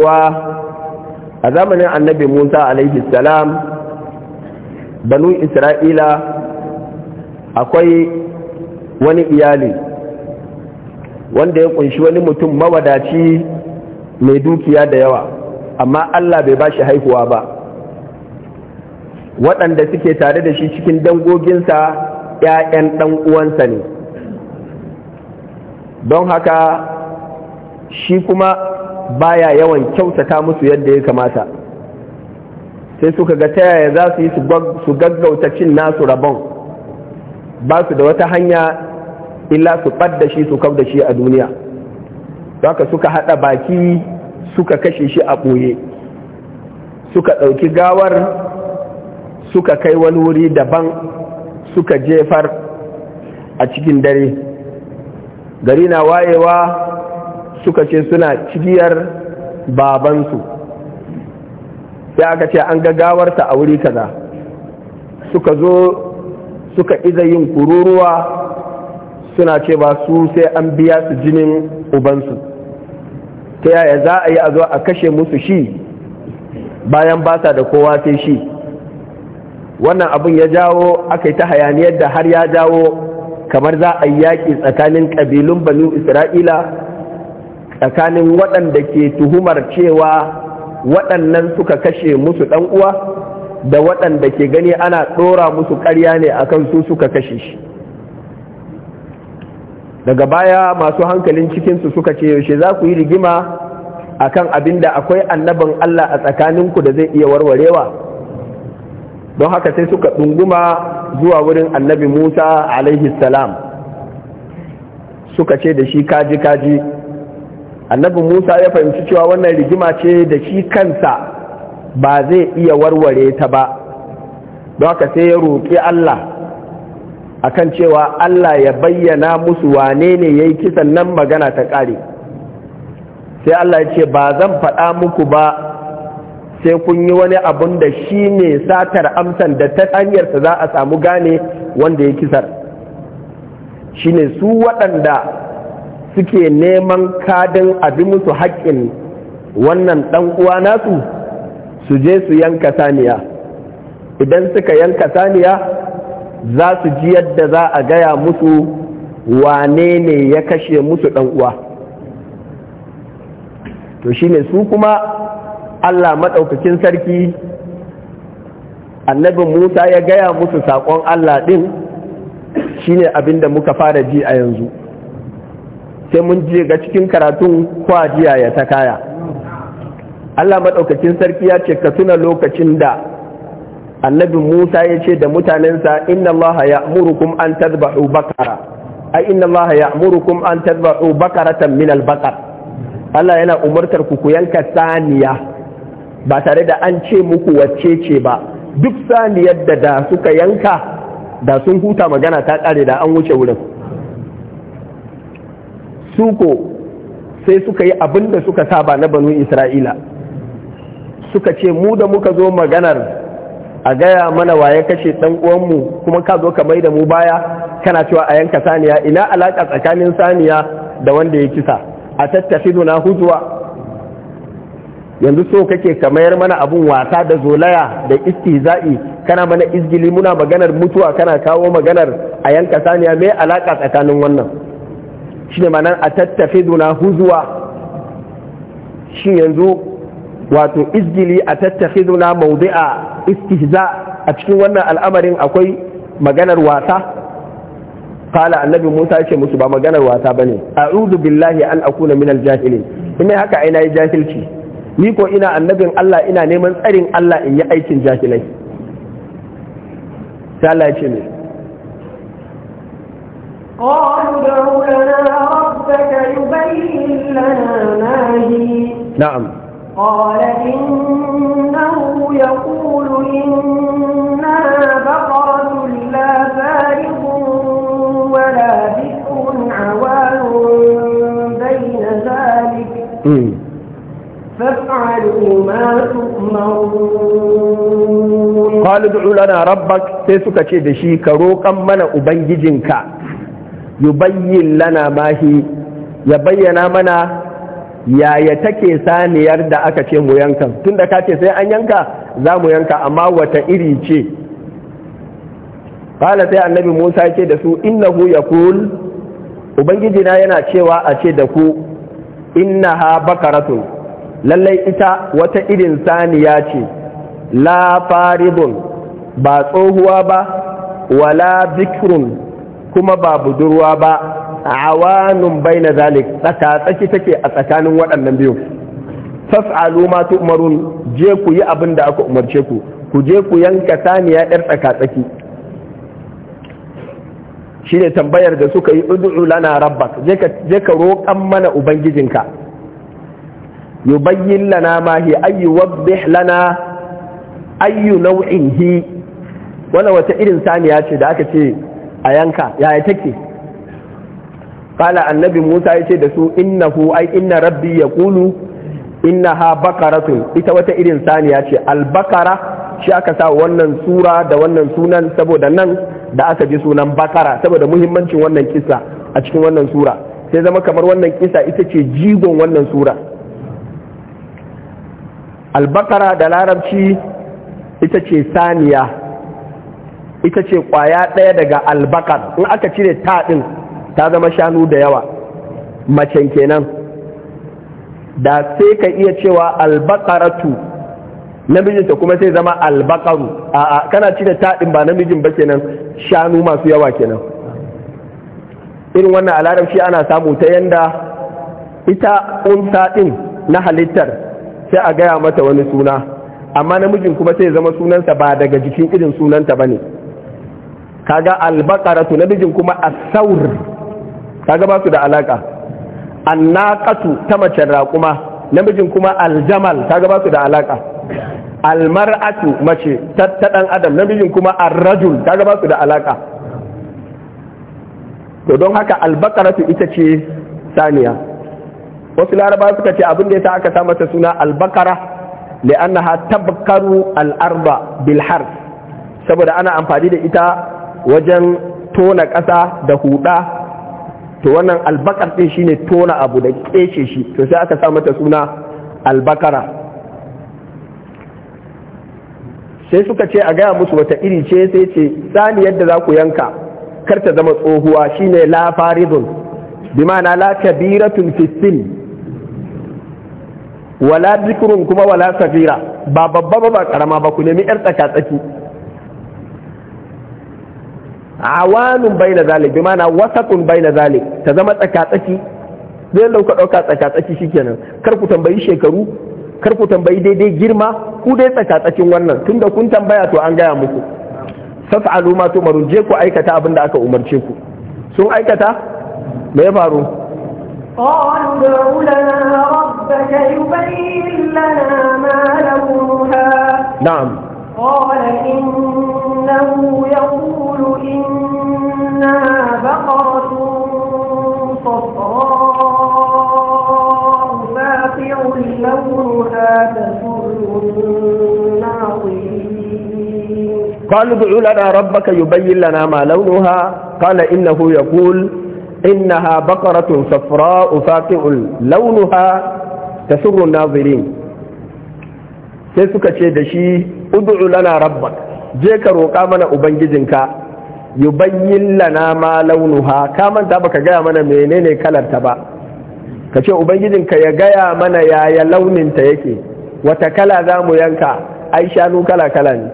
a zamanin annabi musa alaihi salam banu isra'ila akwai wani iyali wanda ya kunshi wani mutum mawadaci mai dukiya da yawa amma allah bai ba shi haihuwa ba waɗanda suke tare da shi cikin dangoginsa 'ya'yan ɗan uwansa ne don haka shi kuma baya yawan kyautata musu yadda ya kamata sai suka ga ta yaya za su yi su gaggauta cin nasu rabon ba su da wata hanya illa su ɓadda shi su kau da shi a duniya haka suka haɗa baki suka kashe shi a ɓoye suka ɗauki gawar suka kai wani wuri daban suka jefar a cikin dare gari na wayewa suka ce suna cibiyar babansu sai aka ce an gagawarta a wuri kaza suka zo suka iza yin kururuwa suna ce ba su sai an biya su jinin ubansu ta yaya za a yi a zo a kashe musu shi bayan ba sa da kowa sai shi wannan abin ya jawo aka yi ta hayaniyar da har ya jawo kamar za a yi yaƙi tsakanin ƙabilun banu isra'ila tsakanin waɗanda ke tuhumar cewa waɗannan suka kashe musu ɗan uwa da waɗanda ke gani ana ɗora musu ƙarya ne akan su suka kashe shi daga baya masu hankalin cikinsu suka ce yaushe za ku yi rigima akan abin da akwai annabin Allah a tsakaninku da zai iya warwarewa don haka sai suka ɗunguma zuwa wurin annabi Musa alaihi salam suka ce da shi kaji kaji annabi musa ya fahimci cewa wannan rigima ce da shi kansa ba zai iya warware ta ba don haka sai ya roƙi allah akan cewa allah ya bayyana musu wane ne ya yi kisan nan magana ta ƙare sai allah ya ce ba zan faɗa muku ba sai kun yi wani abun da shi ne satar amsan da ta hanyarsa za a samu gane wanda ya kisar shi ne su waɗanda suke neman kadin abin musu haƙƙin wannan ɗan uwa nasu su je su yanka saniya idan suka yanka saniya za su ji yadda za a gaya musu wane ne ya kashe musu ɗan uwa to ne su kuma allah maɗaukakin sarki annabin musa ya gaya musu saƙon allah ɗin shi ne abin da muka fara ji a yanzu sai mun je ga cikin karatun kwadiya ya ta kaya Allah maɗaukacin sarki ya ce ka tuna lokacin da annabi Musa ya ce da mutanensa inna Allah ya murukum an tazbahu bakara a inna Allah ya murukum an tazbahu bakaratan min albakar Allah yana umartar ku ku yanka saniya ba tare da an ce muku wacce ce ba duk saniyar da da suka yanka da sun huta magana ta kare da an wuce wurin suko sai suka yi abin da suka saba na banu isra'ila suka ce mu da muka zo maganar a gaya mana waye kashe ɗan'uwanmu uwanmu kuma ka zo ka mai da mu baya kana cewa a yanka saniya ina alaƙa tsakanin saniya da wanda ya kisa a tattafi na huzuwa yanzu so kake ka mayar mana abun wasa da zolaya da istihza'i kana mana izgili muna maganar mutuwa kana kawo maganar a yanka saniya mai alaƙa tsakanin wannan shine manan a tattafiduna huzuwa shi yanzu wato izgili a tattafiduna maudu'a istihza a cikin wannan al'amarin akwai maganar wasa qala annabi Musa ce musu ba maganar wasa bane a'udhu billahi an akuna minal jahilin in haka ai yi jahilci ni ko ina annabin Allah ina neman tsarin Allah in yi aikin jahilai sai Allah ya ce mai. قالوا ادعوا لنا ربك يبين لنا ما هي نعم قال إنه يقول إنها بقرة لا فارغ ولا بكر عوان بين ذلك فافعلوا ما تؤمرون قالوا ادعوا لنا ربك sai suka ce da shi ka yubayyin lana mahi ya bayyana mana yaya take saniyar da aka ce mu yanka tunda ka ce sai an yanka za mu yanka amma wata iri ce kala sai annabi musa ce da su innahu yaqul ubangiji na yana cewa a ce da ku innaha bakaratun lallai ita wata irin saniya ce la faridun ba tsohuwa ba wala bikrun kuma ba budurwa ba awanun na zalik tsaka tsaki take a tsakanin waɗannan biyu fas'alu ma tu'marun je ku yi abin da aka umarce ku ku je ku yanka saniya yar tsaka tsaki Shi ne tambayar da suka yi ud'u lana rabbak je ka je ka roƙan mana ubangijinka yubayyin lana ma hi ayyu wabbih lana ayyu nau'in hi wala wata irin saniya ce da aka ce a yanka yaya take kala annabi musa ya ce da su innahu ai inna rabbi ya kulu innaha bakaratun ita wata irin saniya ce albakara shi aka sa wannan sura da wannan sunan saboda nan da aka ji sunan bakara saboda muhimmancin wannan kisa a cikin wannan sura sai zama kamar wannan kisa ita ce jigon wannan sura albakara da larabci ita ce saniya ita ce ƙwaya ɗaya daga albakar in aka cire taɗin ta zama shanu da yawa macen kenan da sai ka iya cewa albakaratu namijinta kuma sai zama albakaru a kana cire taɗin ba namijin ba kenan shanu masu yawa kenan irin wannan alarabci ana samu ta yanda ita un ɗin na halittar sai a gaya mata wani suna amma namijin kuma sai zama sunansa ba daga jikin irin sunanta ba ne kaga albaqaratu namijin kuma as-saur kaga ba su da alaka annaqatu ta mace raquma namijin kuma aljamal kaga ba su da alaka almar'atu mace ta dan adam namijin kuma ar-rajul kaga ba su da alaka to don haka albakaratu ita ce saniya wasu laraba suka ce abin da yasa aka sa mata suna albaqara li'annaha tabkaru al-arba bil harf saboda ana amfani da ita wajen tona ƙasa da huɗa to wannan albakar ɗin shine tona abu da ƙece shi to sai aka sa mata suna albakara sai suka ce a gaya musu wata iri ce sai ce tsani yadda za ku yanka kar ta zama tsohuwa shine la faridun bi ma'ana la kabiratun fistin, wala zikirun kuma wala safira ba babba ba ba karama ba ku nemi yar tsaka tsaki awanun na zalik bi mana wasatun na zalik ta zama tsakatsaki zai lauka ɗauka tsakatsaki shikenan kar ku tambayi shekaru kar ku tambayi daidai girma ku dai tsakatsakin wannan tun da kun tambaya to an gaya muku fas'alu ma tumarun je ku aikata abin da aka umarce ku sun aikata me ya faru قالوا ادع لنا ربك يبين لنا ما لونها نعم قال إنه يقول إنها بقرة صفراء فاقع لونها تسر الناظرين قالوا ادع لنا ربك يبين لنا ما لونها قال إنه يقول إنها بقرة صفراء فاقع لونها تسر الناظرين sai suka ce da shi ud'u lana rabbak je ka roƙa mana ubangijinka yubayyin lana ma launuha ka manta baka gaya mana menene kalar ta ba ka ce ubangijinka ya gaya mana yaya launin ta yake wata kala za mu yanka ai shanu kala kala ne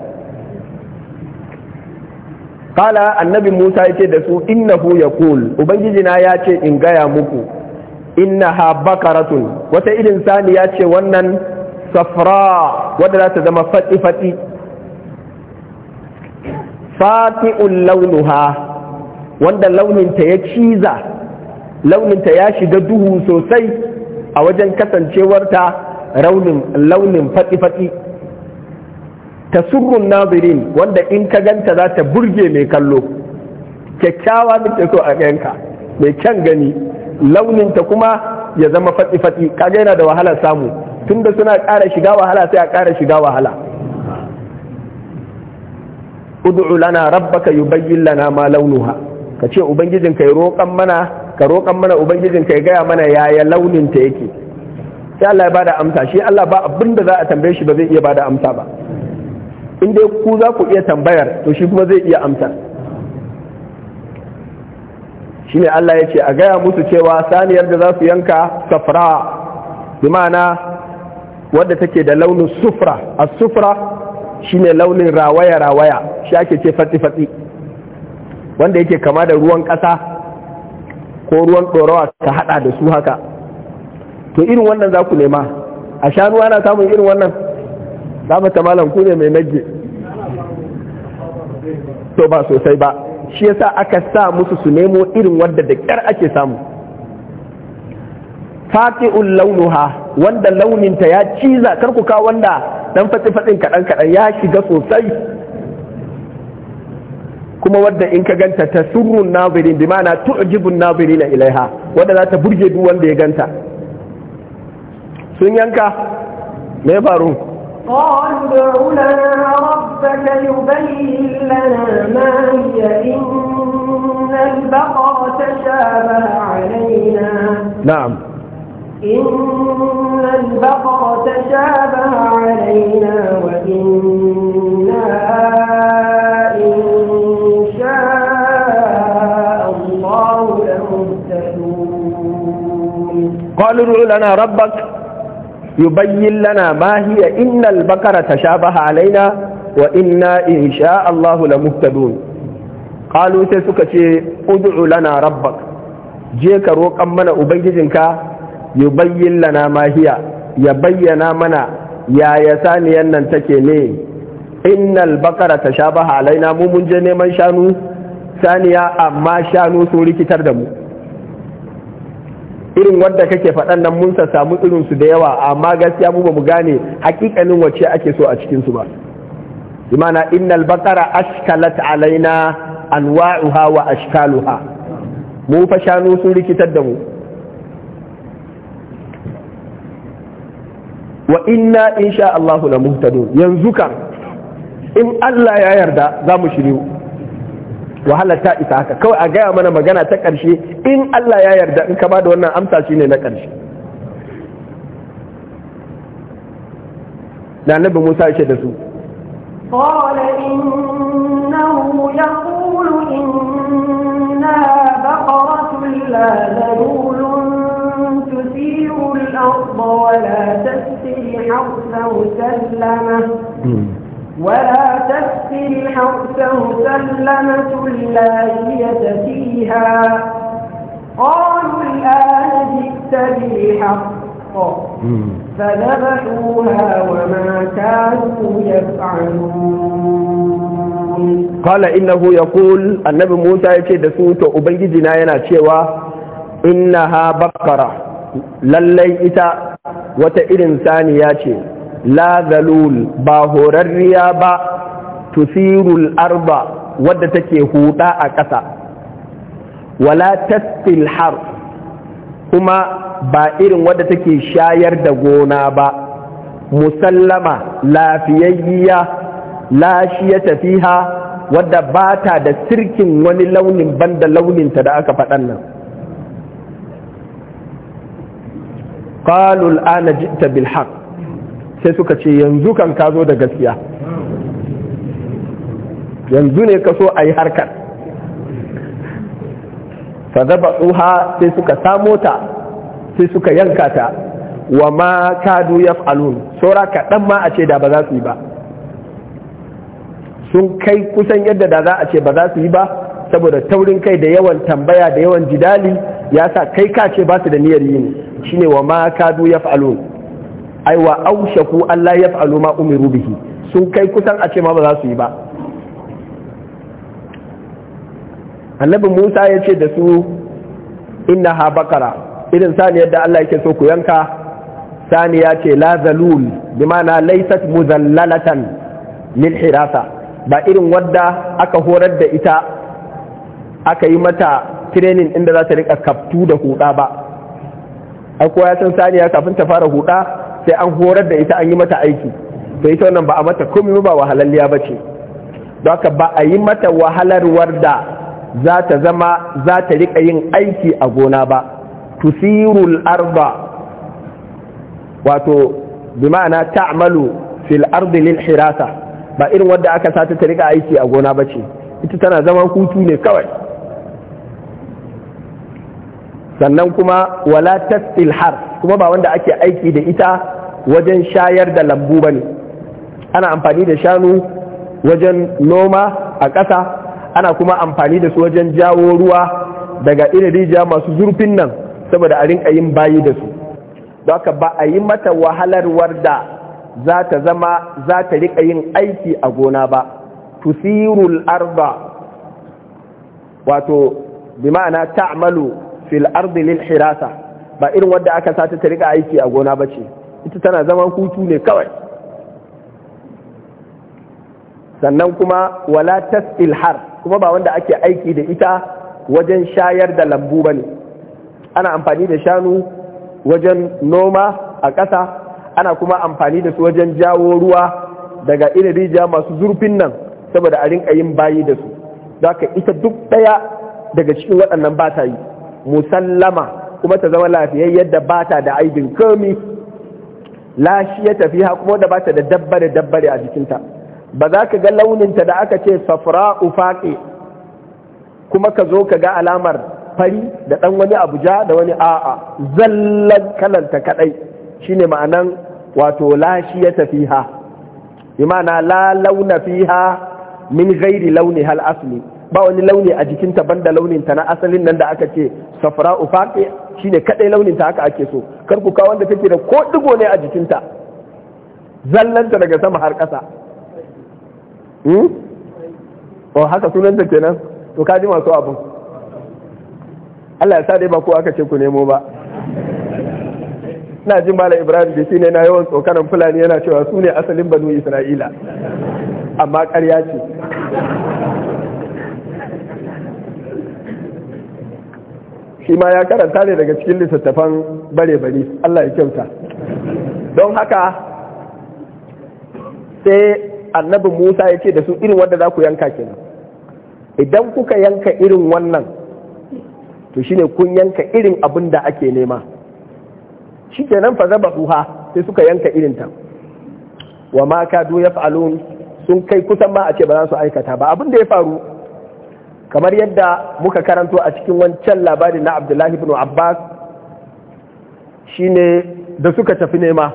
kala annabi musa ya ce da su innahu yaqul ubangijina ya ce in gaya muku innaha bakaratun wata irin saniya ce wannan safra wadda za ta zama faɗi-faɗi fati'un launuha wanda launinta ya ciza launinta ya shiga duhu sosai a wajen kasancewarta launin faɗi-faɗi ta surrun nazirin wanda in ka ganta za ta burge mai kallo kyakkyawa ke so a ganka mai kyan gani launinta kuma ya zama faɗi-faɗi kaga yana da wahalar samu tunda suna ƙara shiga wahala sai a ƙara shiga wahala ud'u lana rabbaka yubayyin lana ma launuha ka ce ubangijin ka roƙan mana ka roƙan mana ubangijin ka ya gaya mana yaya launin ta yake sai Allah ya bada amsa shi Allah ba abin da za a tambaye shi ba zai iya bada amsa ba in dai ku za ku iya tambayar to shi kuma zai iya amsa shine Allah ya ce a gaya musu cewa saniyar da za su yanka safra bi ma'ana wadda take da launin sufra as-sufra shine launin rawaya rawaya shi ake ce fatsi fatsi wanda yake kama da ruwan ƙasa ko ruwan ɗorawa ka haɗa da su haka to irin wannan za ku nema a shanuwa na samun irin wannan za mu ta malam ku ne mai nage to ba sosai ba shi yasa aka sa musu su nemo irin wadda da ƙyar ake samu fati'ul launuha wanda launin ta ya ciza kar ku kawo wanda dan fati fadin kadan kadan ya shiga sosai kuma wadda in ka ganta ta surrun nazirin bi ma'ana tu'jibun nazirina ilaiha wanda za ta burge duk wanda ya ganta sun yanka me faru قالوا لنا ربك يبين لنا ما هي إن البقرة شابه علينا نعم إن البقر تشابه علينا وإنا إن شاء الله لمهتدون قالوا ادعوا لنا ربك يبين لنا ما هي إن البقرة تشابه علينا وإنا إن شاء الله لمهتدون قالوا شيء ادعوا لنا ربك جيك ka roƙon mana yubayyin lana mahiya ya bayyana mana yaya saniyan nan take ne innal bakara tashabaha alaina mu mun je neman shanu saniya amma shanu sun rikitar da mu irin wadda kake faɗan nan mun samu irinsu da yawa amma gaskiya mu ba mu gane hakikanin wacce ake so a cikin su ba imana innal bakara ashkalat alaina anwa'uha wa ashkaluha mu fa shanu sun rikitar da mu wa inna insha Allahu la muhtadun yanzu kan in Allah ya yarda za mu shiryu wahala ta isa haka kawai a gaya mana magana ta ƙarshe in Allah ya yarda in ka ba da wannan amsa shine na ƙarshe da annabi Musa ya ce da su قال إنه يقول إنها بقرة لا ذلول تثير الأرض ولا تسقي الحرث مسلمة ولا تسقي الحرث مسلمة لا هي فيها قالوا الآن جئت بالحق فذبحوها وما كانوا يفعلون قال إنه يقول النبي موسى يشهد سوء وبنجي جناينا شيوا إنها بقرة للي ita wata irin saniya ce la zalul ba horarriya ba tusirul arba wadda take huda a ƙasa wala tasfil har kuma ba irin wadda take shayar da gona ba musallama lafiyayya Lashiya Tafiha, wadda ba ta da sirkin wani launin banda launinta da aka faɗan nan qalu al'ana ji'ta bil sai suka ce yanzu kan ka zo da gaskiya yanzu ne ka so a yi harkar fadaba tsoha sai suka samo ta sai suka yanka ta wa ma kadu ya falun saura kaɗan ma a ce da ba za su yi ba sun kai kusan yadda da za a ce ba za su yi ba saboda taurin kai da yawan tambaya da yawan jidali ya sa kai ka ce ba su da niyyar yi ne shine wa ma kadu yaf'alun ai wa aushaku Allah yaf'alu ma umiru bihi sun kai kusan a ce ma ba za su yi ba annabi Musa ya ce da su inna ha bakara irin saniyar da Allah yake so ku yanka saniya ce la zalul bi ma'ana laysat muzallalatan lil hirasa ba irin wadda aka horar da ita aka yi mata training inda za ta rika kaftu da huda ba ai kowa ya san saniya kafin ta fara huda sai an horar da ita an yi mata aiki Sai ita wannan ba a mata komai ba wahalalliya ba ce don haka ba a yi mata wahalar warda za ta zama za ta riƙa yin aiki a gona ba tusirul arba wato bi ma'ana ta'malu fil ardi lil hirasa ba irin wanda aka sata ta rika aiki a gona ba ce ita tana zaman hutu ne kawai sannan kuma wala tasil har kuma ba wanda ake aiki da ita wajen shayar da lambu ba ne. ana amfani da shanu wajen noma a ƙasa ana kuma amfani da su wajen jawo ruwa daga irin rijiya masu zurfin nan saboda a rinka yin bayi da su don haka ba a yi mata wahalarwar da za ta zama za ta rika yin aiki a gona ba tusirul arba wato bi ma'ana ta'malu fil ardi lil hirasa ba irin wanda aka sata ta rika aiki a gona bace ita tana zaman hutu ne kawai sannan kuma wala tasil har kuma ba wanda ake aiki da ita wajen shayar da lambu bane ana amfani da shanu wajen noma a ƙasa ana kuma amfani da su wajen jawo ruwa daga irin rijiya masu zurfin nan saboda a rinka yin bayi da su da ita duk ɗaya daga cikin waɗannan ba ta yi musallama kuma ta zama lafiyayyar da ba ta da aibin komi lashiya tafiya kuma da ba ta da dabbare dabbare a jikinta ba za ka ga launinta da aka ce safra ufaƙe kuma ka zo ka ga alamar fari da ɗan wani abuja da wani a'a zallan kalanta kaɗai shine ma'anan wato lashiya tafiya bi ma'ana la launa fiha min gairi launi hal asli ba wani launi a jikinta banda launinta na asalin nan da aka ce safra ufaqi shine kadai launin ta haka ake so kar ku wanda take da ko digo ne a jikinta zallanta daga sama har ƙasa hmm? oh haka sunanta kenan to kaji masu abin Allah ya sa dai ba ko aka ce ku nemo ba Ina jin mala ibrahim da shine na yawan tsokanan fulani yana cewa su ne asalin banu isra'ila amma ƙarya ce shi ma ya karanta ne daga cikin littattafan bare-bare Allah ya kyauta don haka sai annabin Musa ya ce da su irin wanda za ku yanka kenan idan kuka yanka irin wannan to shine kun yanka irin abin da ake nema shi kenan fa zaba uha sai suka yanka irin ta wa ma ya fa'alun sun kai kusan ma a ce ba za su aikata ba abin da ya faru kamar yadda muka karanto a cikin wancan labari na abdullahi bin abbas shine da suka tafi nema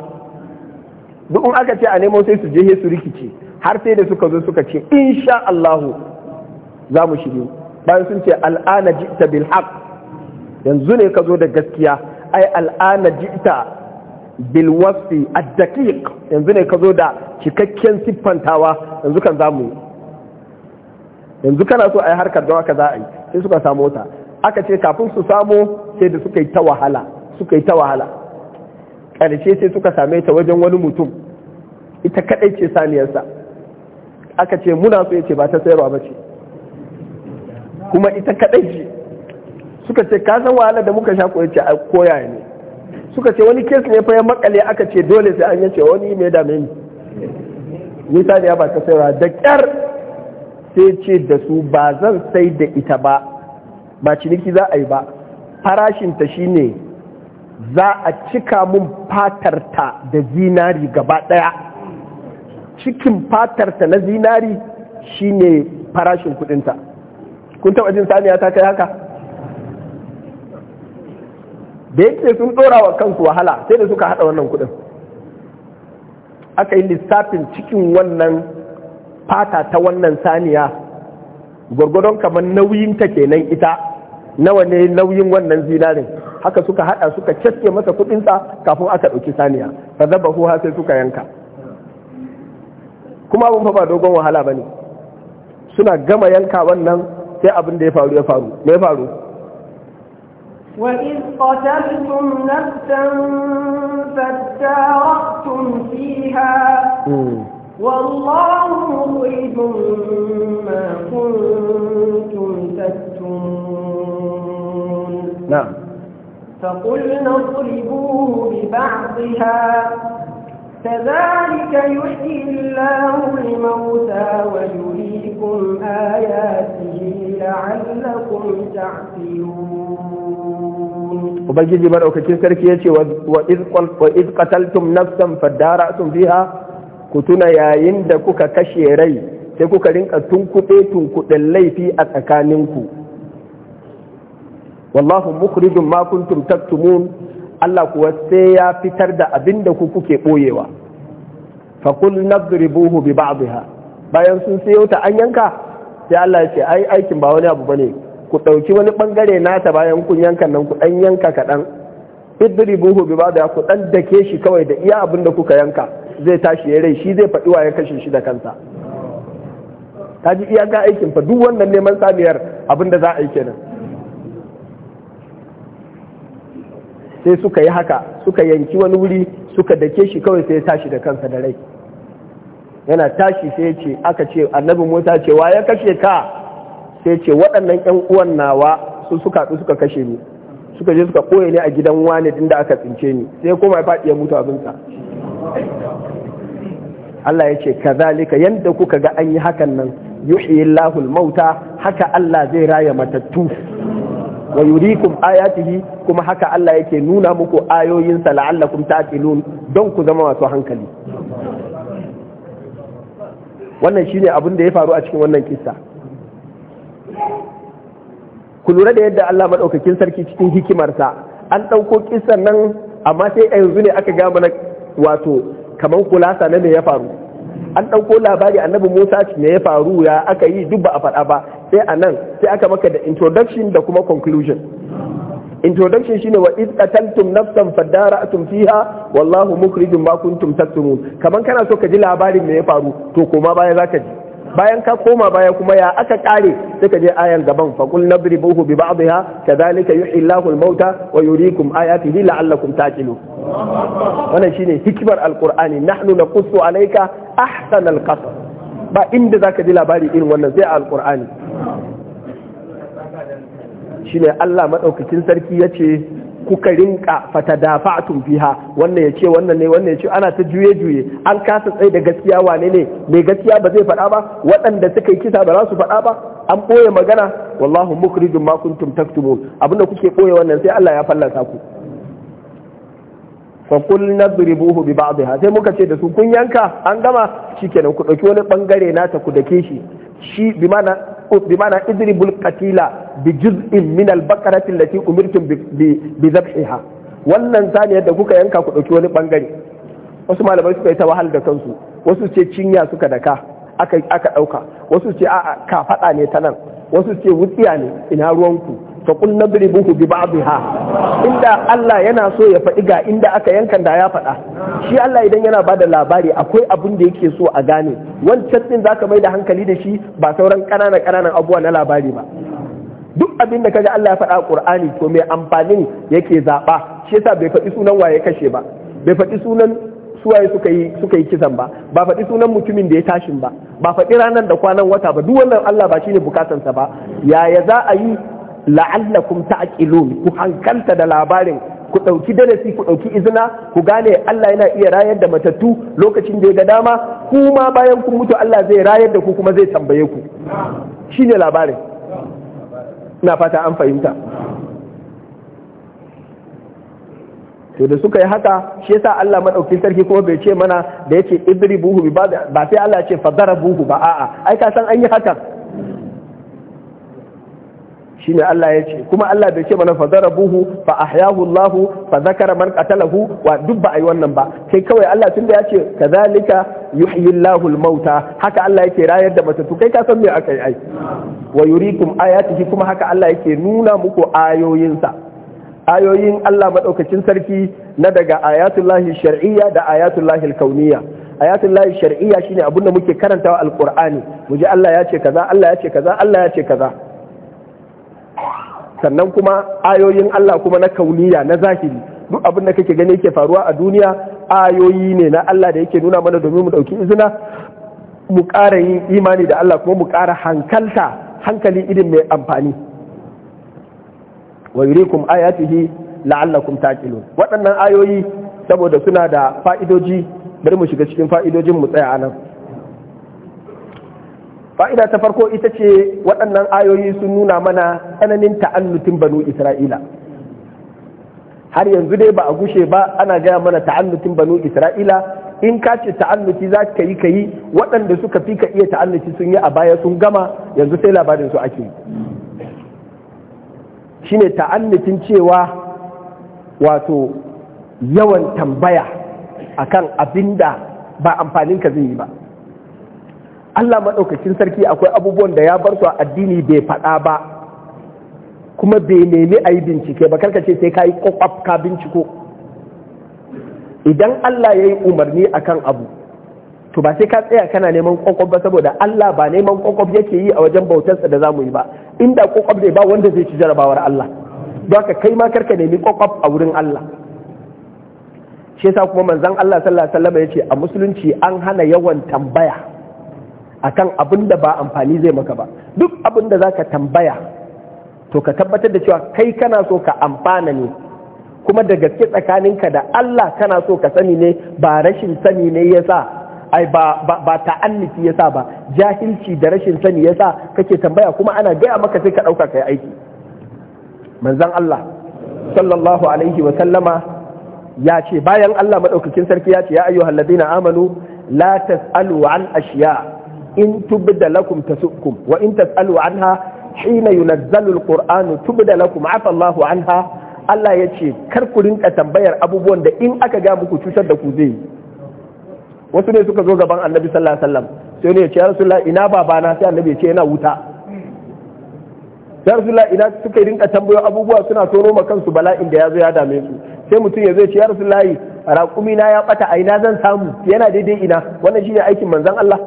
duk in aka ce a neman sai su je su rikici har sai da suka zo suka ce insha Allahu za mu shiryu bayan sun ce al'ana ji'ta bil yanzu ne ka zo da gaskiya ai al'ana ji'ta bil wasfi ad-daqiq yanzu ne ka zo da cikakken siffantawa yanzu kan za mu yi. yanzu kana so a yi harkar don haka za a yi sai suka samu ta aka ce kafin su samu sai da suka yi ta wahala suka yi ta wahala ƙarshe sai suka same ta wajen wani mutum ita kaɗai ce saniyarsa aka ce muna so ya ce ba ta sayarwa ba ce kuma ita kaɗai ce suka ce ka san wahala da muka sha ce a koya ne suka ce wani kes ne fa ya makale aka ce dole sai an yace wani mai dame ni nisa ne ya ba ta sayarwa da ƙyar sai ce da su ba zan sai da ita ba ba ciniki za a yi ba farashinta shine za a cika mun fatarta da zinari gaba ɗaya cikin fatarta na zinari shi ne farashin kudinta kun taɓa jin saniya ta kai haka da yake sun ɗora wa kansu wahala sai da suka haɗa wannan kudin aka yi lissafin cikin wannan fata ta wannan saniya gwargwadon kamar ta kenan ita nawa ne nauyin wannan zinarin haka suka hada suka caske masa kudinsa kafin aka ɗauki saniya fa zaba huha sai suka yanka kuma abin fa ba dogon wahala bane suna gama yanka wannan sai abin da ya faru ya faru me ya faru وإذ والله مخرج ما كنتم تكتمون نعم فقلنا اضربوه ببعضها كذلك يحيي الله الموتى ويريكم آياته لعلكم تعقلون وبجد مرأة كيف كركي يتي وإذ قتلتم نفسا فدارأتم فيها ku tuna yayin da kuka kashe rai sai kuka rinka tunkuɗe tunkuɗen laifi a tsakaninku wallahu mukhrijum ma taktumun Allah kuwa sai ya fitar da abin da ku kuke ɓoyewa faƙul nadribuhu bi ba'dha bayan sun sayo ta an yanka sai Allah ya ce ai aikin ba wani abu bane ku ɗauki wani ɓangare nata bayan kun yanka nan ku ɗan yanka kaɗan idribuhu bi ba'dha ku ɗan dake shi kawai da iya abin da kuka yanka zai tashi ya rai shi zai faɗi wa ya kashe shi da kansa ta ji ga aikin fa duk wannan neman saniyar abin da za a yi kenan sai suka yi haka suka yanki wani wuri suka dake shi kawai sai ya tashi da kansa da rai yana tashi sai ce aka ce annabi musa ce wa ya kashe ka sai ce waɗannan yan uwan nawa su suka haɗu suka kashe ni suka je suka koye ne a gidan wane din da aka tsince ni sai koma ya faɗi ya mutu abinsa Allah ya ce kazalika yadda kuka ga an yi hakan nan lahul mauta haka Allah zai raya matattu wa yurikum ayatihi kuma haka Allah yake nuna muku ayoyinsa la'allakum taqilun don ku zama masu hankali wannan shine abin da ya faru a cikin wannan kissa ku lura da yadda Allah madaukakin sarki cikin hikimarsa an ɗauko kissan nan amma sai yanzu ne aka ga mana wato kamar kulasa na me ya faru an ɗauko labari annabi musa ne ya faru ya aka yi duk ba a faɗa ba sai a nan sai aka maka da introduction da kuma conclusion introduction shine wa iz qataltum nafsan fadara'tum fiha wallahu mukhrijum ma kuntum taktumun kaman kana so ka ji labarin me ya faru to koma baya zaka ji bayan ka koma baya kuma ya aka kare sai ka je ayan gaban fa qul nadribuhu bi ba'dihha kadhalika yuhyi Allahu al-mauta wa yuriikum ayatihi la'allakum taqilun wannan shine hikimar alqur'ani nahnu naqussu alayka ahsan alqasas ba inda zaka ji labari irin wannan sai alqur'ani shine Allah madaukakin sarki yace kuka rinka fatadafa'tum fiha wannan ya wannan ne wannan ya ana ta juye juye an kasa tsaye da gaskiya wane ne mai gaskiya ba zai faɗa ba waɗanda suka yi kisa ba za su faɗa ba an ɓoye magana wallahu mukrijum ma kuntum taktumun abinda kuke ɓoye wannan sai Allah ya fallasa ku fa kul nadribuhu bi ba'dha sai muka ce da su kun yanka an gama shikenan ku dauki wani bangare na ta ku dake shi shi bi mana bi mana idribul qatila bi juz'in min al baqarati allati umirtum bi bi dhabhiha wannan saniyar da kuka yanka ku dauki wani bangare wasu malamai suka yi ta wahal da kansu wasu ce cinya suka daka aka aka dauka wasu ce a'a ka fada ne ta nan wasu ce wutsiya ne ina ruwanku na qul nadribuhu bi ha. inda Allah yana so ya faɗi ga inda aka yankan da ya faɗa shi Allah idan yana bada labari akwai abin da yake so a gane wancan din zaka mai da hankali da shi ba sauran ƙananan ƙananan abubuwa na labari ba duk abin da kaga Allah ya faɗa a ƙur'ani to mai amfanin yake zaɓa shi yasa bai faɗi sunan waye kashe ba bai faɗi sunan suwaye suka yi suka yi kisan ba ba faɗi sunan mutumin da ya tashin ba ba faɗi ranar da kwanan wata ba duk wannan Allah ba shine bukatansa ba yaya za a yi la'allakum ta'qilun ku hankalta da labarin ku ɗauki darasi ku ɗauki izina ku gane Allah yana iya rayar da matattu lokacin da ya ga dama kuma bayan kun mutu Allah zai rayar da ku kuma zai tambaye ku shine labarin na fata an fahimta to da suka yi haka shi yasa Allah madaukin sarki kuma bai ce mana da yace idribuhu bi ba sai Allah ya ce fadarabuhu ba a'a ai ka san an yi haka. shine Allah ya ce kuma Allah bai ce mana fa buhu fa ahyahu Allah fa zakara man qatalahu wa duk ba ai wannan ba Kai kawai Allah tunda ya ce kadhalika yuhyi Allahu al-mauta haka Allah yake rayar da matattu kai ka san me akai ai wa yuriikum ayatihi kuma haka Allah yake nuna muku ayoyinsa ayoyin Allah madaukakin sarki na daga ayatullahi shar'iyya da ayatullahi al-kauniyya ayatul lahi shar'iyya shine da muke karantawa alqur'ani muje Allah ya ce kaza Allah ya ce kaza Allah ya ce kaza sannan kuma ayoyin Allah kuma na kauniya na zahiri duk abin da kake gani yake faruwa a duniya ayoyi ne na Allah da yake nuna mana domin mu ɗauki izina mu ƙara yin imani da Allah kuma mu ƙara hankalta hankali irin mai amfani wa yurikum ayatihi la'allakum taqilun waɗannan ayoyi saboda suna da fa'idoji bari mu shiga cikin fa'idojin mu tsaya anan fa'ida ta farko ita ce waɗannan ayoyi sun nuna mana tsananin ta'allutin banu isra'ila har yanzu dai ba a gushe ba ana gaya mana ta'allutin banu isra'ila in ka ce ta'alluti za ka yi ka yi waɗanda suka fi ka iya ta'alluti sun yi a baya sun gama yanzu sai labarin su ake shine ta'allutin cewa wato yawan tambaya akan abinda da ba amfaninka zai yi ba Allah maɗaukacin sarki akwai abubuwan da ya bar su a addini bai faɗa ba kuma bai nemi a yi bincike ba karkace sai ka yi kwakwaf ka binciko idan Allah ya yi umarni a kan abu to ba sai ka tsaya kana neman kwakwaf ba saboda Allah ba neman kwakwaf yake yi a wajen bautarsa da za mu yi ba inda kwakwaf zai ba wanda zai ci jarabawar Allah don haka kai ma karka nemi kwakwaf a wurin Allah shi yasa kuma manzon Allah sallallahu alaihi wasallam ya ce a musulunci an hana yawan tambaya akan abin da ba amfani zai maka ba duk abin da zaka tambaya to ka tabbatar da cewa kai kana so ka amfana ne kuma da gaske tsakaninka da Allah kana so ka sani ne ba rashin sani ne yasa ai ba ba ta'annufi yasa ba jahilci da rashin sani yasa kake tambaya kuma ana gaya maka sai ka dauka kai aiki manzon Allah sallallahu alaihi wa sallama ya ce bayan Allah madaukakin sarki ya ce ya ayyuhal ladina amanu la tas'alu an ashiya in tubda lakum tasukum wa in tasalu anha hina yunazzalu alqur'anu tubda lakum afa Allahu anha Allah ya ce kar ku rinka tambayar abubuwan da in aka ga muku cutar da ku zai yi wasu ne suka zo gaban annabi sallallahu alaihi wasallam sai ne ya ce ya rasulullah ina babana sai annabi ya ce yana wuta ya rasulullah ina suka rinka tambayo abubuwa suna tono ma kansu bala'in da ya ya dame su sai mutum ya zo ya ce ya rasulullah raƙumi na ya bata aina zan samu yana daidai ina wannan shine aikin manzon Allah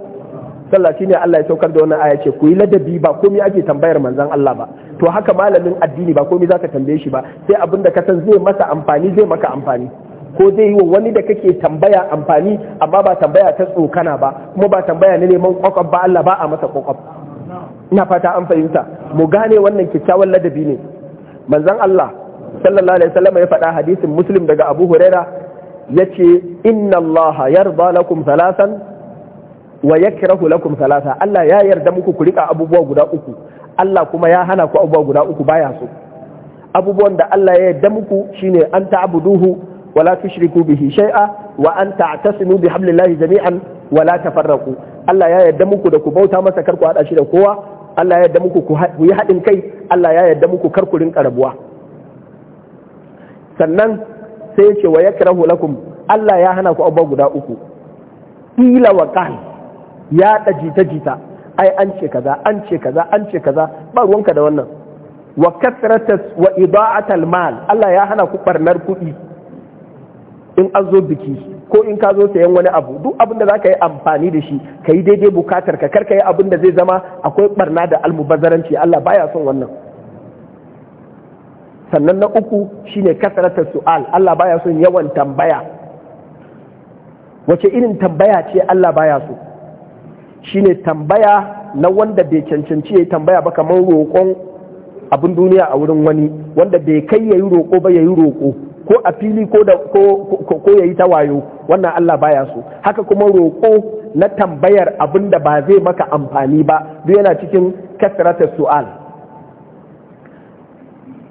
sallah shine Allah ya saukar da wannan aya ce ku yi ladabi ba komai ake tambayar manzon Allah ba to haka malamin addini ba komai zaka tambaye shi ba sai abin da ka san zai masa amfani zai maka amfani ko zai yi wa wani da kake tambaya amfani amma ba tambaya ta tsokana ba kuma ba tambaya na neman kwakwab ba Allah ba a masa kwakwab ina fata an fahimta mu gane wannan kyakkyawan ladabi ne manzon Allah sallallahu alaihi wasallam ya faɗa hadisin muslim daga Abu Huraira yace inna Allaha yarda lakum thalathan wa yakrahu lakum salasa Allah ya yarda muku ku rika abubuwa guda uku Allah kuma ya hana ku abubuwa guda uku baya so abubuwan da Allah ya yarda muku shine an ta'buduhu wa la tushriku bihi shay'a wa an ta'tasimu bi hablillahi jami'an wa la tafarraqu Allah ya yarda muku da ku bauta masa kar ku hada shi da kowa Allah ya yarda muku ku yi hadin kai Allah ya yarda muku kar ku rinka rabuwa sannan sai ya ce wa yakrahu lakum Allah ya hana ku abubuwa guda uku ila wa ya da jita jita ai an ce kaza an ce kaza an ce kaza ba ruwanka da wannan wa kasrata wa ida'at mal Allah ya hana ku barnar kuɗi in an zo biki ko in ka zo sayan wani abu duk abin da zaka yi amfani da shi ka yi daidai bukatar ka karka yi abin da zai zama akwai barna da almubazzaranci Allah baya son wannan sannan na uku shine kasrata su'al Allah baya son yawan tambaya wace irin tambaya ce Allah baya so shine tambaya na wanda bai cancanci ya yi tambaya ba kamar roƙon abin duniya a wurin wani wanda bai kai ya yi roƙo ba ya yi roƙo ko a fili ko ya yi ta wayo wannan Allah baya so haka kuma roƙo na tambayar abin da ba zai maka amfani ba duk yana cikin kasrata su'al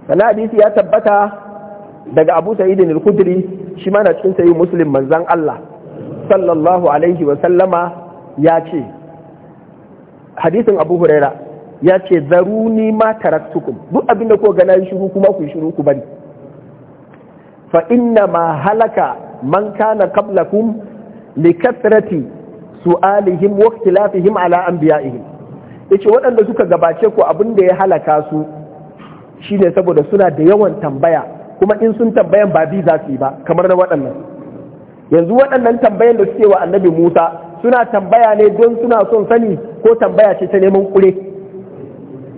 sana hadisi ya tabbata daga Abu Sa'id al-Khudri shi ma na cikin sayi Muslim manzon Allah sallallahu alaihi wa sallama ya ce hadisin abu huraira ya ce zaruni ma taraktukum duk abinda ko gana yi shiru kuma ku shiru ku bari fa inna ma halaka man kana qablakum li kathrati su'alihim wa ikhtilafihim ala anbiya'ihim yace waɗanda suka gabace ku abinda ya halaka su shine saboda suna da yawan tambaya kuma in sun tambayan ba bi za su yi ba kamar na waɗannan yanzu waɗannan tambayan da suke wa annabi Musa suna tambaya ne don suna son sani ko tambaya ce ta neman kure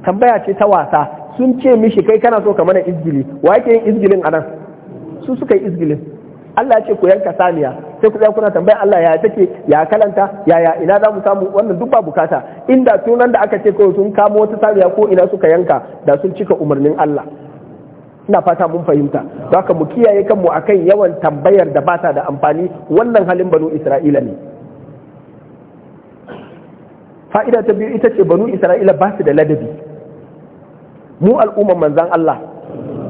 tambaya ce ta wasa sun ce mishi kai kana so ka mana izgili wa yake yin izgilin anan su suka yi izgilin Allah ya ce ku yanka saniya sai ku tsaya kuna tambaya Allah ya take ya kalanta ya ya ina za mu samu wannan duk ba bukata inda tunan da aka ce kawai sun kamo wata saniya ko ina suka yanka da sun cika umarnin Allah ina fata mun fahimta haka mu kiyaye kanmu akan yawan tambayar da ba ta da amfani wannan halin banu Isra'ila ne fa'ida ta biyu ita ce banu isra'ila ba su da ladabi mu al'umman manzan Allah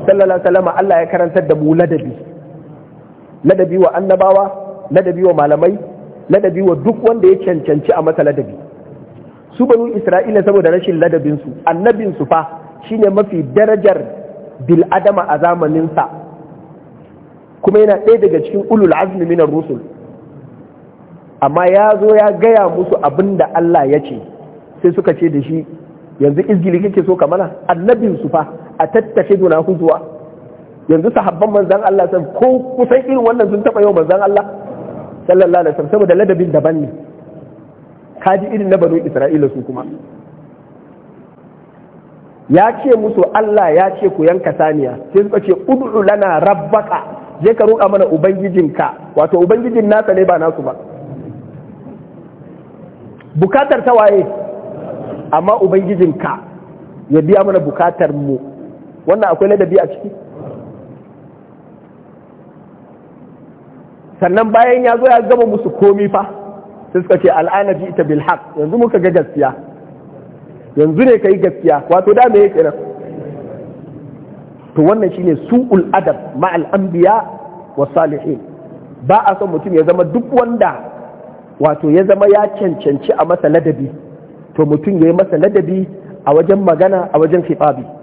sallallahu alaihi Allah ya karantar da mu ladabi ladabi wa annabawa ladabi wa malamai ladabi wa duk wanda ya cancanci a masa ladabi su banu isra'ila saboda rashin ladabinsu annabinsu fa shine mafi darajar bil'adama a zamaninsa kuma yana ɗaya daga cikin ulul azmi minar rusul amma ya zo ya gaya musu abin da Allah ya ce sai suka ce da shi yanzu izgili kake so ka mana annabin su fa a tattace duna huzuwa yanzu sahabban manzan Allah sun ko kusan irin wannan sun taba yau manzan Allah sallallahu alaihi wasallam saboda ladabin daban ne kaji irin na banu Isra'ila su kuma ya ce musu Allah ya ce ku yanka saniya sai suka ce ud'u lana rabbaka je ka roƙa mana ubangijinka wato ubangijin nasa ne ba nasu ba bukatar ta waye amma ubangijinka ya biya mana bukatar mu wannan akwai ladabi a ciki sannan bayan ya zo ya gama musu komi fa sai suka ce al'ana ji ita bil haq yanzu muka ga gaskiya yanzu ne kai gaskiya wato da me yake to wannan shine su'ul adab ma'al anbiya wa salihin ba a son mutum ya zama duk wanda wato ya zama ya cancanci a masa ladabi to mutum ya yi masa ladabi a wajen magana a wajen fifabi